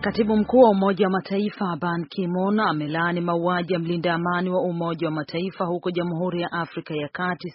Katibu mkuu wa Umoja wa Mataifa Ban Ki-moon amelaani mauaji ya mlinda amani wa Umoja wa Mataifa huko Jamhuri ya Afrika ya Kati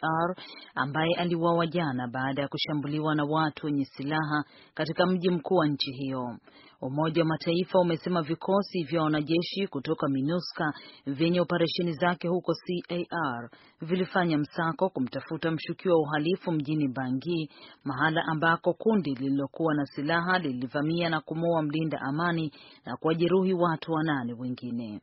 CAR, ambaye aliuawa jana baada ya kushambuliwa na watu wenye silaha katika mji mkuu wa nchi hiyo. Umoja wa Mataifa umesema vikosi vya wanajeshi kutoka MINUSCA vyenye operesheni zake huko CAR vilifanya msako kumtafuta mshukiwa wa uhalifu mjini Bangui, mahala ambako kundi lililokuwa na silaha lilivamia na kumuua mlinda amani na kuwajeruhi watu wanane wengine.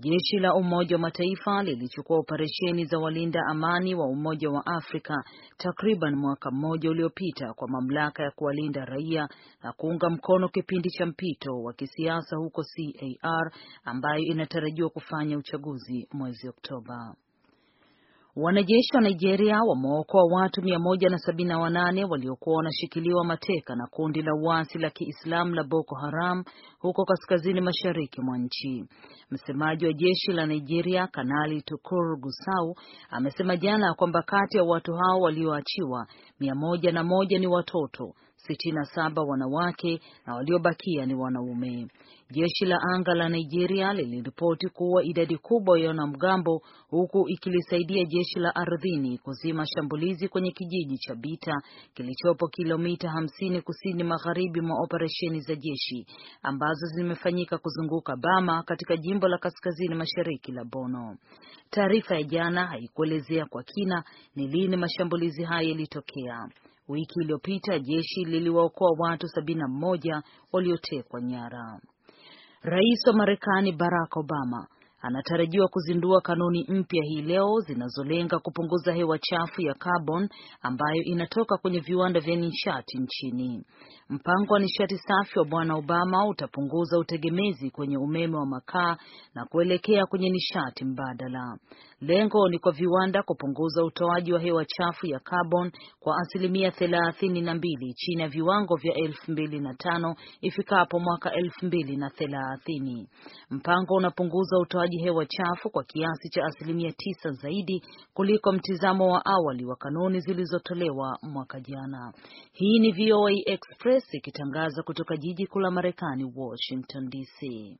Jeshi la Umoja wa Mataifa lilichukua operesheni za walinda amani wa Umoja wa Afrika takriban mwaka mmoja uliopita kwa mamlaka ya kuwalinda raia na kuunga mkono kipindi cha mpito wa kisiasa huko CAR ambayo inatarajiwa kufanya uchaguzi mwezi Oktoba. Wanajeshi wa Nigeria wameokoa watu 178 waliokuwa wanashikiliwa mateka na kundi la uasi la Kiislamu la Boko Haram huko kaskazini mashariki mwa nchi. Msemaji wa jeshi la Nigeria, Kanali Tukur Gusau, amesema jana kwamba kati ya watu hao walioachiwa mia moja na moja ni watoto sitini na saba wanawake na waliobakia ni wanaume. Jeshi la anga la Nigeria liliripoti kuwa idadi kubwa ya wanamgambo, huku ikilisaidia jeshi la ardhini kuzima shambulizi kwenye kijiji cha Bita kilichopo kilomita hamsini kusini magharibi mwa operesheni za jeshi amba ambazo zimefanyika kuzunguka Bama katika jimbo la kaskazini mashariki la Bono. Taarifa ya jana haikuelezea kwa kina ni lini mashambulizi hayo yalitokea. Wiki iliyopita jeshi liliwaokoa watu sabini na mmoja waliotekwa nyara. Rais wa Marekani Barack Obama anatarajiwa kuzindua kanuni mpya hii leo zinazolenga kupunguza hewa chafu ya carbon ambayo inatoka kwenye viwanda vya nishati nchini. Mpango wa nishati safi wa Bwana Obama utapunguza utegemezi kwenye umeme wa makaa na kuelekea kwenye nishati mbadala. Lengo ni kwa viwanda kupunguza utoaji wa hewa chafu ya carbon kwa asilimia thelathini na mbili chini ya viwango vya elfu mbili na tano ifikapo mwaka elfu mbili na thelathini. Mpango unapunguza utoaji hewa chafu kwa kiasi cha asilimia tisa zaidi kuliko mtizamo wa awali wa kanuni zilizotolewa mwaka jana. Hii ni VOA Express ikitangaza kutoka jiji kuu la Marekani, Washington DC.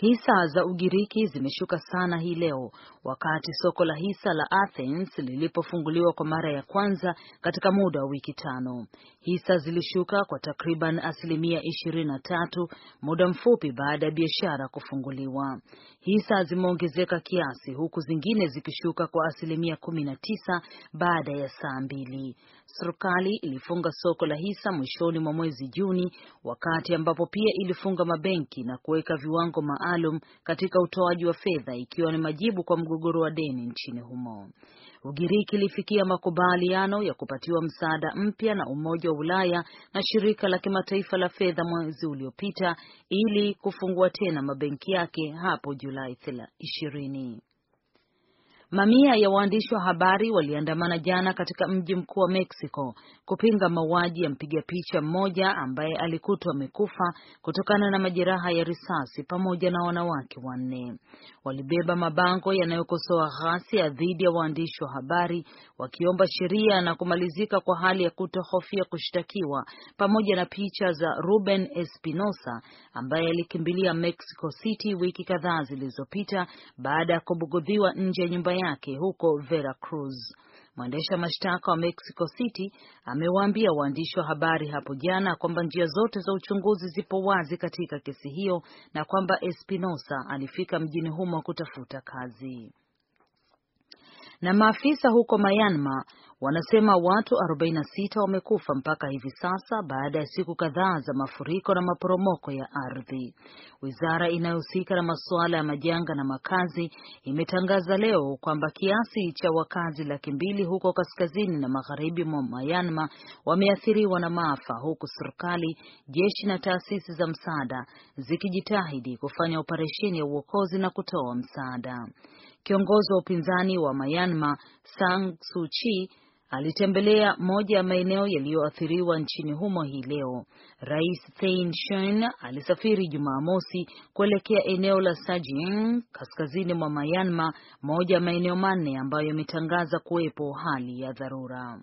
Hisa za Ugiriki zimeshuka sana hii leo wakati soko la hisa la Athens lilipofunguliwa kwa mara ya kwanza katika muda wa wiki tano. Hisa zilishuka kwa takriban asilimia ishirini na tatu muda mfupi baada ya biashara kufunguliwa. Hisa zimeongezeka kiasi, huku zingine zikishuka kwa asilimia kumi na tisa baada ya saa mbili. Serikali ilifunga soko la hisa mwishoni mwa mwezi Juni, wakati ambapo pia ilifunga mabenki na kuweka viwango maalum katika utoaji wa fedha ikiwa ni majibu kwa mgogoro wa deni nchini humo. Ugiriki ilifikia makubaliano ya kupatiwa msaada mpya na Umoja wa Ulaya na Shirika la Kimataifa la Fedha mwezi uliopita ili kufungua tena mabenki yake hapo Julai ishirini. Mamia ya waandishi wa habari waliandamana jana katika mji mkuu wa Mexico kupinga mauaji ya mpiga picha mmoja ambaye alikutwa amekufa kutokana na majeraha ya risasi pamoja na wanawake wanne. Walibeba mabango yanayokosoa ghasia dhidi ya waandishi wa habari wakiomba sheria na kumalizika kwa hali ya kutohofia kushtakiwa pamoja na picha za Ruben Espinosa ambaye alikimbilia Mexico City wiki kadhaa zilizopita baada ya kubugudhiwa nje ya nyumba yake huko Veracruz. Mwendesha mashtaka wa Mexico City amewaambia waandishi wa habari hapo jana kwamba njia zote za uchunguzi zipo wazi katika kesi hiyo na kwamba Espinosa alifika mjini humo kutafuta kazi. Na maafisa huko Myanmar wanasema watu 46 wamekufa mpaka hivi sasa baada ya siku kadhaa za mafuriko na maporomoko ya ardhi. Wizara inayohusika na masuala ya majanga na makazi imetangaza leo kwamba kiasi cha wakazi laki mbili huko kaskazini na magharibi mwa Myanmar wameathiriwa na maafa, huku serikali, jeshi na taasisi za msaada zikijitahidi kufanya operesheni ya uokozi na kutoa msaada. Kiongozi wa upinzani wa Myanmar Sang Suu Kyi alitembelea moja ya maeneo yaliyoathiriwa nchini humo hii leo. Rais Thein Sein alisafiri Jumamosi kuelekea eneo la Sajing kaskazini mwa Myanmar, moja ya maeneo manne ambayo yametangaza kuwepo hali ya dharura.